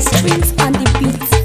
streets on the beat.